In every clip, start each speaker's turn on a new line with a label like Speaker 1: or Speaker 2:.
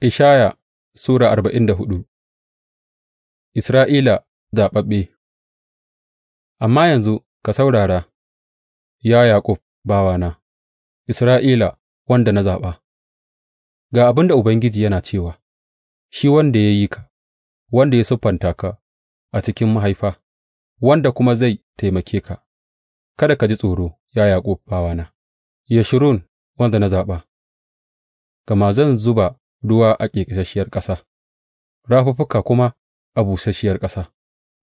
Speaker 1: Ishaya Sura arba'in da hudu Isra'ila zaɓaɓɓe Amma yanzu ka saurara, ya Yaƙub bawana, Isra'ila wanda na zaɓa, ga abin da Ubangiji yana cewa, shi wanda ya yi ka, wanda ya siffanta ka a cikin mahaifa, wanda kuma zai taimake ka, kada ka ji tsoro, ya Yaƙub bawana, Yashirun wanda na zaɓa, gama zan zuba ruwa a ƙeƙasasshiyar ƙasa, rafuffuka kuma a busasshiyar ƙasa;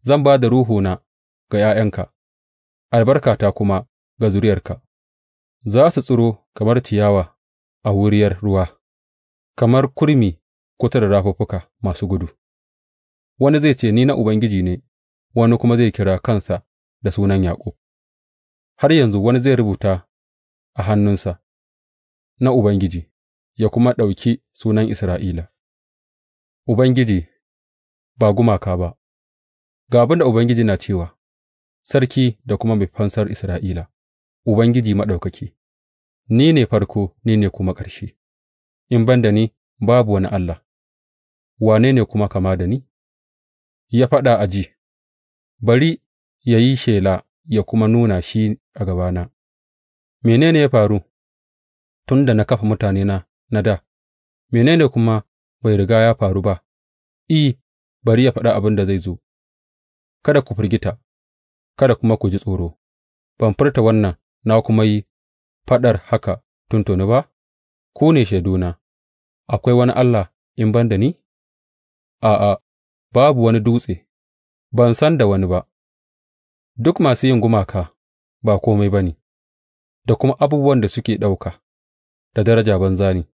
Speaker 1: zan ba da Ruhuna ga ’ya'yanka, albarkata kuma ga zuriyarka; za su tsiro kamar ciyawa a wuriyar ruwa, kamar kurmi kusa da rafuffuka masu gudu; wani zai ce, Ni na Ubangiji ne,’ wani kuma zai kira kansa da sunan Yaƙub, har yanzu wani zai rubuta a hannunsa, Na Ubangiji,’ ya kuma ɗauki sunan Isra'ila, Ubangiji, ba gumaka ba, ga abin da Ubangiji na cewa, Sarki da kuma mai fansar Isra'ila, Ubangiji Maɗaukaki, ni ne farko, ni ne kuma ƙarshe, in ban da ni babu wani Allah, wane ne kuma kama da ni? Ya faɗa a ji, bari ya yi shela ya kuma nuna shi a gabana, Menene ne ya faru tun da na kafa mutanena na dā, mene ne kuma bai riga ya faru ba, I, bari ya faɗa abin da zai zo, kada ku firgita, kada kuma ku ji tsoro, ban furta wannan na kuma yi faɗar haka tuntuni ba, ku ne shaiduna, akwai wani Allah in ban da ni? A'a, babu wani dutse, ban san da wani ba, duk masu yin gumaka ba komai ba ne, da kuma abubuwan da suke ɗauka, da daraja banza ne.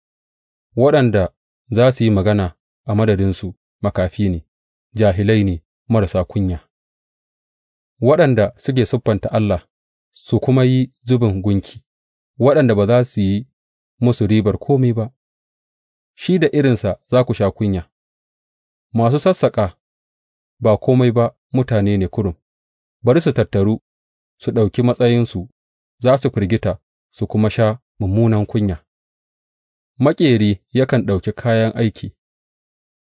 Speaker 1: waɗanda za su yi magana a madadinsu makafi ne, jahilai ne marasa kunya, waɗanda suke siffanta Allah su kuma yi zubin gunki, waɗanda ba za su yi musu ribar komai ba, shi da irinsa za ku sha kunya, masu sassaƙa ba komai ba mutane ne kurum, bari su tattaru su ɗauki matsayinsu, za su firgita su kuma sha mummunan kunya. maƙeri yakan ɗauki kayan aiki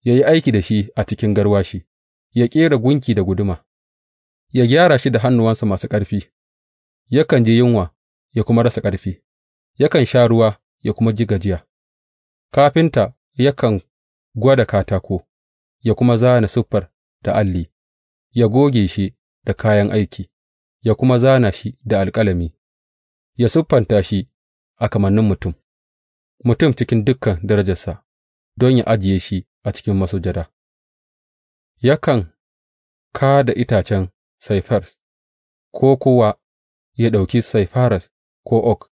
Speaker 1: ya yi aiki da shi a cikin garwashi, ya ƙera gunki da guduma, ya gyara shi da hannuwansa masu ƙarfi, yakan ji yunwa ya kuma rasa ƙarfi, yakan sha ruwa ya kuma ji gajiya, kafinta yakan gwada katako, ya kuma zana siffar da alli, ya goge shi da kayan aiki, ya kuma zana shi da alƙalami, ya siffanta shi a kamannin mutum. mutum cikin dukan darajarsa don ya ajiye shi a cikin masujada, yakan ka da itacen saifars, ko kowa ya ɗauki saifaras ko ok,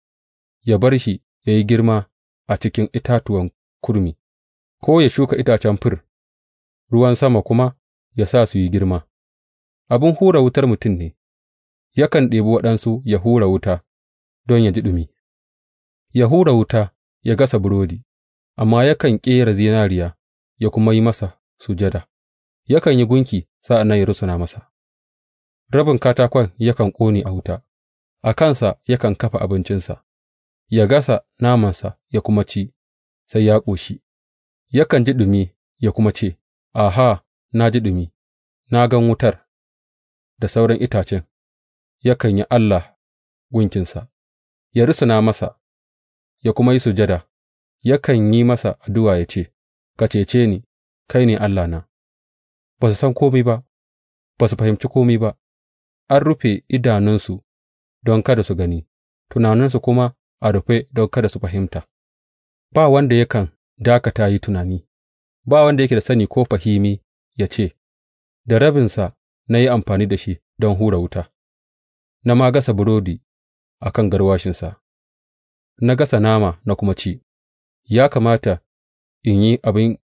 Speaker 1: ya bar shi ya yi girma a cikin itatuwan kurmi, ko ya shuka itacen fir, ruwan sama kuma ya sa su yi girma. Abin hura wutar mutum ne, yakan ɗebi waɗansu ya hura wuta don ya ji ɗumi, ya hura wuta ya gasa burodi, amma yakan ƙera zinariya ya kuma yi masa sujada, yakan yi gunki sa'an nan ya rusuna masa, rabin katakon yakan ƙone a wuta, a kansa yakan kafa abincinsa, ya gasa namansa ya kuma ci, sai ya ƙoshi, yakan ji ɗumi ya kuma ce, Aha, na ji ɗumi, na gan wutar da sauran itacen, yakan yi Allah gunkinsa, ya rusuna masa, ya kuma yi sujada, yakan yi masa addu'a ya ce, Ka cece ni, kai ne Allahna, ba su san kome ba, ba su fahimci komi ba, an rufe idanunsu don kada su gani, tunaninsu kuma a rufe don kada su fahimta, ba wanda yakan dakata yi tunani, ba wanda yake da sani ko fahimi ya ce, Da rabinsa na yi amfani da shi don hura wuta, na ma gasa burodi a kan garwashinsa. na gasa nama na kuma ci, ya kamata in yi abin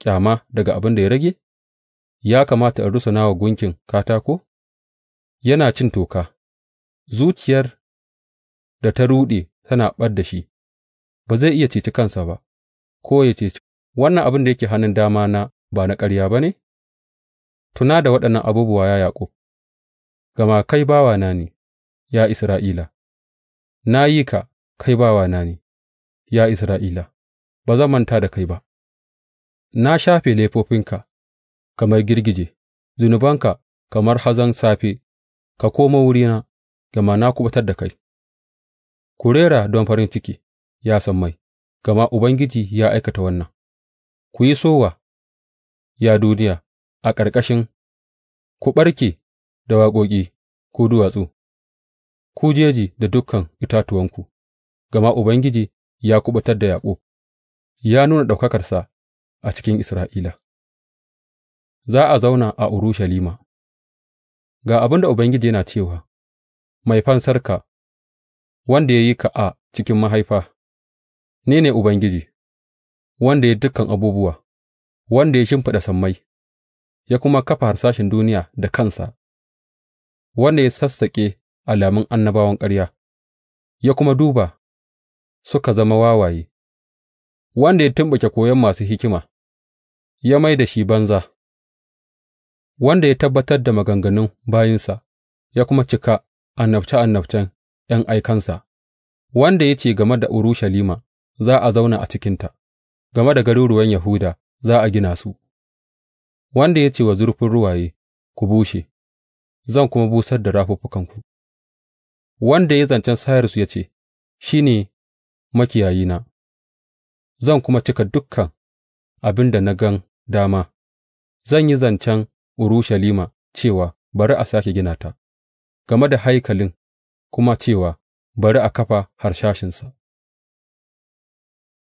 Speaker 1: ƙyama daga abin da ya rage? Ya kamata in rusuna wa gunkin katako? Yana cin toka, zuciyar da ta ruɗe tana ɓadda shi, ba zai iya ceci kansa ba, ko ya ceci, wannan abin da yake hannun dama na ba na ƙarya ba ne? Tuna da waɗannan abubuwa ya yaƙo, gama kai bawana ne, ya Isra'ila, na yi ka. Kai bawana ne, ya Isra'ila, ba zan manta da kai ba; na shafe laifofinka kamar girgije, zunubanka kamar hazan safe, ka koma wurina, gama na kubatar da kai Ku rera don farin ciki, ya san mai, gama Ubangiji ya aikata wannan; ku yi sowa, ya duniya, a ƙarƙashin, ku ɓarke da waƙoƙi, ku duwatsu, ku jeji da dukkan itatuwanku. gama Ubangiji ya kuɓutar da Yaƙub ya nuna ɗaukakarsa a cikin Isra'ila. Za a zauna a Urushalima Ga abin da Ubangiji yana cewa, Mai fansarka, wanda ya yi ka a cikin mahaifa, ni ne Ubangiji, wanda ya dukan abubuwa, wanda ya shimfiɗa sammai, ya kuma kafa harsashin duniya da kansa, wanda ya sassaƙe alamun annabawan ƙarya, ya kuma duba suka zama wawaye, wanda ya tumɓuke koyon masu hikima ya mai da shi banza, wanda ya tabbatar da maganganun bayinsa ya kuma cika annabce annabcen ’yan aikansa, wanda ya ce game da Urushalima, Za a zauna a cikinta, game da garuruwan Yahuda, za a gina su, wanda ya ce wa zurfin ruwaye, Ku bushe, zan kuma busar da rafuffukanku, wanda ya zancen sayarsu ya ce, Shi ne makiyayina, zan kuma cika dukan abin da na gan dama; zan yi zancen Urushalima cewa, Bari a sake gina ta,’ game da haikalin kuma cewa, Bari a kafa harsashinsa.’